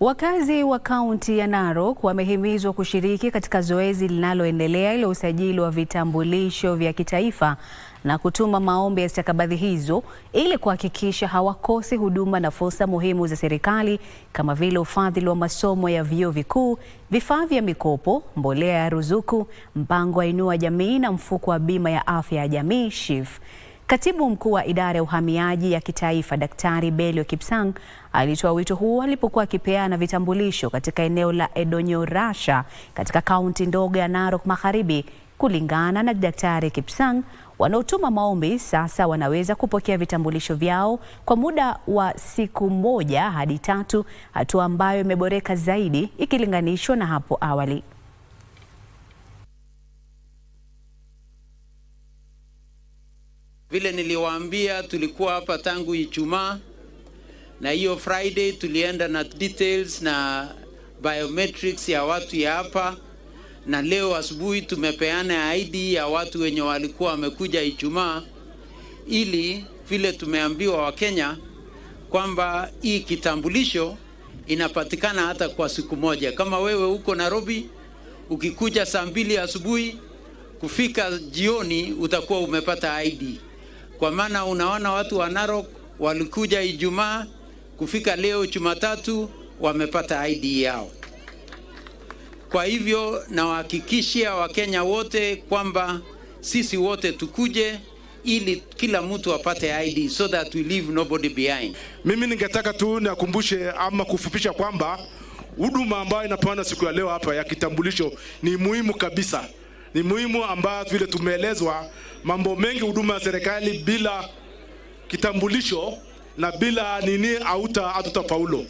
Wakazi wa kaunti ya Narok wamehimizwa kushiriki katika zoezi linaloendelea la usajili wa vitambulisho vya kitaifa na kutuma maombi ya stakabadhi hizo ili kuhakikisha hawakosi huduma na fursa muhimu za serikali kama vile ufadhili wa masomo ya vyuo vikuu, vifaa vya mikopo, mbolea ya ruzuku, mpango wa Inua Jamii na mfuko wa bima ya afya ya jamii SHIF. Katibu mkuu wa idara ya uhamiaji ya kitaifa Daktari Belio Kipsang alitoa wito huo alipokuwa akipeana vitambulisho katika eneo la Edonyorasha katika kaunti ndogo ya Narok Magharibi. Kulingana na Daktari Kipsang, wanaotuma maombi sasa wanaweza kupokea vitambulisho vyao kwa muda wa siku moja hadi tatu, hatua ambayo imeboreka zaidi ikilinganishwa na hapo awali. Vile niliwaambia tulikuwa hapa tangu Ijumaa na hiyo Friday tulienda na details na biometrics ya watu ya hapa, na leo asubuhi tumepeana ID ya watu wenye walikuwa wamekuja Ijumaa, ili vile tumeambiwa Wakenya kwamba hii kitambulisho inapatikana hata kwa siku moja. Kama wewe uko Nairobi, ukikuja saa mbili asubuhi kufika jioni utakuwa umepata ID. Kwa maana unaona watu wa Narok walikuja Ijumaa, kufika leo Jumatatu wamepata ID yao. Kwa hivyo nawahakikishia Wakenya wote kwamba sisi wote tukuje ili kila mtu apate ID so that we leave nobody behind. Mimi ningetaka tu niakumbushe ama kufupisha kwamba huduma ambayo inapeana siku ya leo hapa ya kitambulisho ni muhimu kabisa, ni muhimu ambayo vile tumeelezwa mambo mengi, huduma ya serikali bila kitambulisho na bila nini, auta faulu.